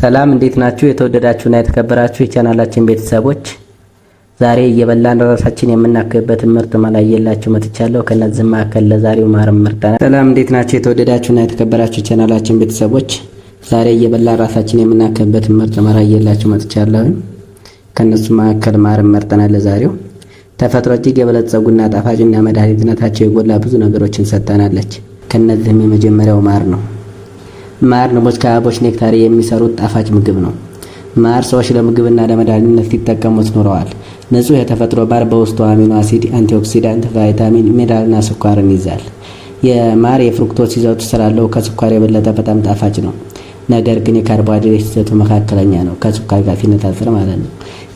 ሰላም እንዴት ናችሁ? የተወደዳችሁና የተከበራችሁ የቻናላችን ቤተሰቦች ዛሬ እየበላን ራሳችን የምናክብበትን ምርት ማላየላችሁ መጥቻለሁ። ከነዚህ መካከል ለዛሬው ማር መርጠናል። ሰላም እንዴት ናችሁ? የተወደዳችሁና የተከበራችሁ የቻናላችን ቤተሰቦች ዛሬ እየበላን ራሳችን የምናከበት ምርት ማላየላችሁ መጥቻለሁ። ከነሱ መካከል ማር መርጠናል። ለዛሬው ተፈጥሮ እጅግ የበለጸጉና ጣፋጭና መድኃኒትነታቸው የጎላ ብዙ ነገሮችን ሰጥተናለች። ከነዚህም የመጀመሪያው ማር ነው። ማር ንቦች ከአበቦች ኔክታሪ የሚሰሩት ጣፋጭ ምግብ ነው። ማር ሰዎች ለምግብና ለመድኃኒትነት ሲጠቀሙት ኑረዋል። ንጹህ የተፈጥሮ ማር በውስጡ አሚኖ አሲድ፣ አንቲኦክሲዳንት፣ ቫይታሚን፣ ሚነራልና ስኳርን ይዛል። የማር የፍሩክቶስ ይዘቱ ስላለው ከስኳር የበለጠ በጣም ጣፋጭ ነው። ነገር ግን የካርቦሃይድሬት ይዘቱ መካከለኛ ነው፣ ከስኳር ጋር ሲነጻጸር ማለት ነው።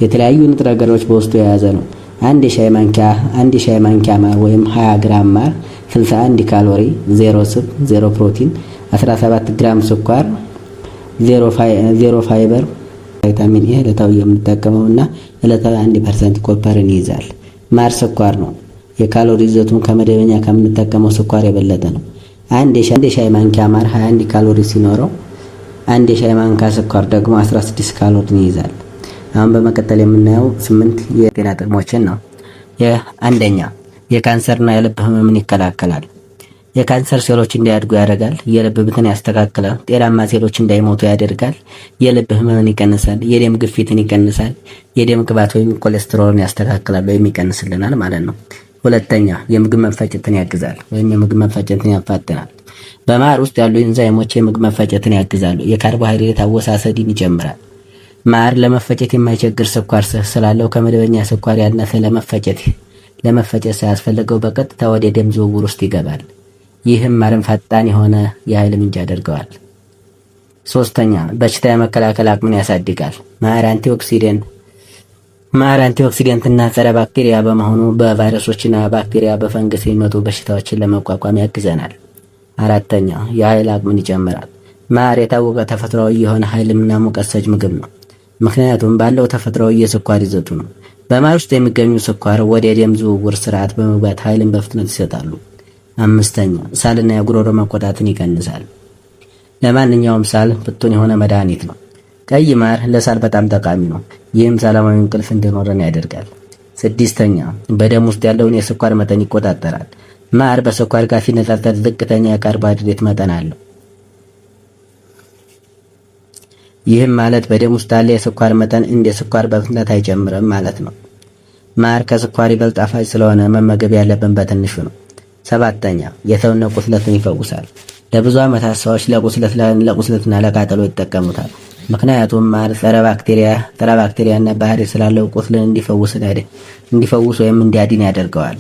የተለያዩ ንጥረ ነገሮች በውስጡ የያዘ ነው። አንድ የሻይ ማንኪያ አንድ የሻይ ማንኪያ ማር ወይም 20 ግራም ማር 61 ካሎሪ፣ 0 ስብ፣ 0 ፕሮቲን 17 ግራም ስኳር፣ ዜሮ ፋይበር፣ ቫይታሚን ኤ ዕለታዊ የምንጠቀመው እና 1 ፐርሰንት ኮፐርን ይይዛል። ማር ስኳር ነው። የካሎሪ ይዘቱም ከመደበኛ ከምንጠቀመው ስኳር የበለጠ ነው። አንድ የሻይ ማንኪያ ማር 21 ካሎሪ ሲኖረው አንድ የሻይ ማንኪያ ስኳር ደግሞ 16 ካሎሪን ይይዛል። አሁን በመቀጠል የምናየው ስምንት የጤና ጥቅሞችን ነው። አንደኛ የካንሰርና የልብ ህመምን ይከላከላል። የካንሰር ሴሎች እንዳያድጉ ያደርጋል። የልብ ብትን ያስተካክላል። ጤናማ ሴሎች እንዳይሞቱ ያደርጋል። የልብ ህመምን ይቀንሳል። የደም ግፊትን ይቀንሳል። የደም ቅባት ወይም ኮሌስትሮልን ያስተካክላል ወይም ይቀንስልናል ማለት ነው። ሁለተኛ የምግብ መፈጨትን ያግዛል ወይም የምግብ መፈጨትን ያፋጥናል። በማር ውስጥ ያሉ ኢንዛይሞች የምግብ መፈጨትን ያግዛሉ። የካርቦሃይድሬት አወሳሰድን ይጨምራል። ማር ለመፈጨት የማይቸግር ስኳር ስላለው ከመደበኛ ስኳር ያነሰ ለመፈጨት ለመፈጨት ሳያስፈልገው በቀጥታ ወደ ደም ዝውውር ውስጥ ይገባል። ይህም ዓለም ፈጣን የሆነ የኃይል ምንጭ ያደርገዋል። ሶስተኛ በሽታ የመከላከል አቅምን ያሳድጋል። ማር አንቲኦክሲደንት ማር አንቲኦክሲደንትና ጸረ ባክቴሪያ በመሆኑ በቫይረሶችና ባክቴሪያ በፈንገስ የሚመጡ በሽታዎችን ለመቋቋም ያግዘናል። አራተኛ የኃይል አቅምን ይጨምራል። ማር የታወቀ ተፈጥሯዊ የሆነ ኃይልምና ሙቀት ሰጭ ምግብ ነው። ምክንያቱም ባለው ተፈጥሯዊ የስኳር ይዘቱ ነው። በማር ውስጥ የሚገኙ ስኳር ወደ የደም ዝውውር ስርዓት በመግባት ኃይልን በፍጥነት ይሰጣሉ። አምስተኛ ሳልና የጉሮሮ መቆጣትን ይቀንሳል። ለማንኛውም ሳል ፍቱን የሆነ መድኃኒት ነው። ቀይ ማር ለሳል በጣም ጠቃሚ ነው። ይህም ሰላማዊ እንቅልፍ እንዲኖረን ያደርጋል። ስድስተኛ በደም ውስጥ ያለውን የስኳር መጠን ይቆጣጠራል። ማር በስኳር ጋር ሲነጻጸር ዝቅተኛ የካርቦሃይድሬት መጠን አለው። ይህም ማለት በደም ውስጥ ያለ የስኳር መጠን እንደ ስኳር በፍጥነት አይጨምርም ማለት ነው። ማር ከስኳር ይበልጥ ጣፋጭ ስለሆነ መመገብ ያለብን በትንሹ ነው። ሰባተኛ የሰውነት ቁስለትን ይፈውሳል። ለብዙ ዓመታት ሰዎች ለቁስለትና ለቃጠሎ ይጠቀሙታል። ምክንያቱም ማር ጸረ ባክቴሪያ ጸረ ባክቴሪያና ባህሪ ስላለው ቁስልን እንዲፈውስ ወይም እንዲያድን ያደርገዋል።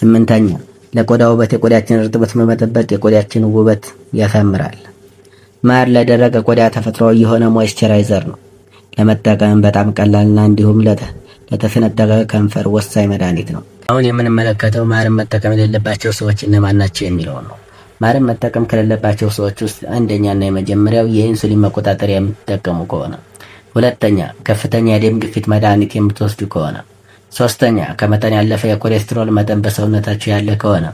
ስምንተኛ ለቆዳ ውበት የቆዳችን እርጥበት በመጠበቅ የቆዳችን ውበት ያሳምራል። ማር ለደረቀ ቆዳ ተፈጥሮ የሆነ ሞይስቸራይዘር ነው። ለመጠቀም በጣም ቀላልና እንዲሁም ለተሰነጠቀ ከንፈር ወሳኝ መድኃኒት ነው። አሁን የምንመለከተው ማርን መጠቀም የሌለባቸው ሰዎች እነማን ናቸው የሚለው ነው። ማርን መጠቀም ከሌለባቸው ሰዎች ውስጥ አንደኛና የመጀመሪያው የኢንሱሊን መቆጣጠሪያ የምትጠቀሙ ከሆነ፣ ሁለተኛ ከፍተኛ የደም ግፊት መድኃኒት የምትወስዱ ከሆነ፣ ሶስተኛ ከመጠን ያለፈ የኮሌስትሮል መጠን በሰውነታቸው ያለ ከሆነ፣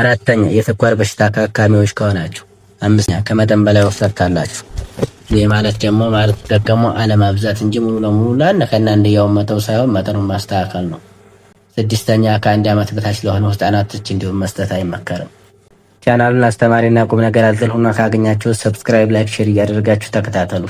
አራተኛ የስኳር በሽታ ታካሚዎች ከሆናችሁ፣ አምስተኛ ከመጠን በላይ ወፍረት ካላችሁ ይህ ማለት ደግሞ ማለት ደግሞ አለማብዛት እንጂ ሙሉ ለሙሉ ላነ ከና መተው ሳይሆን መጠኑን ማስተካከል ነው። ስድስተኛ ከአንድ ዓመት በታች ለሆኑ ህጻናቶች እንዲሁም መስጠት አይመከርም። ቻናሉን አስተማሪና ቁም ነገር አዘል ሆኖ ካገኛችሁ ሰብስክራይብ፣ ላይክ፣ ሼር እያደረጋችሁ ተከታተሉ።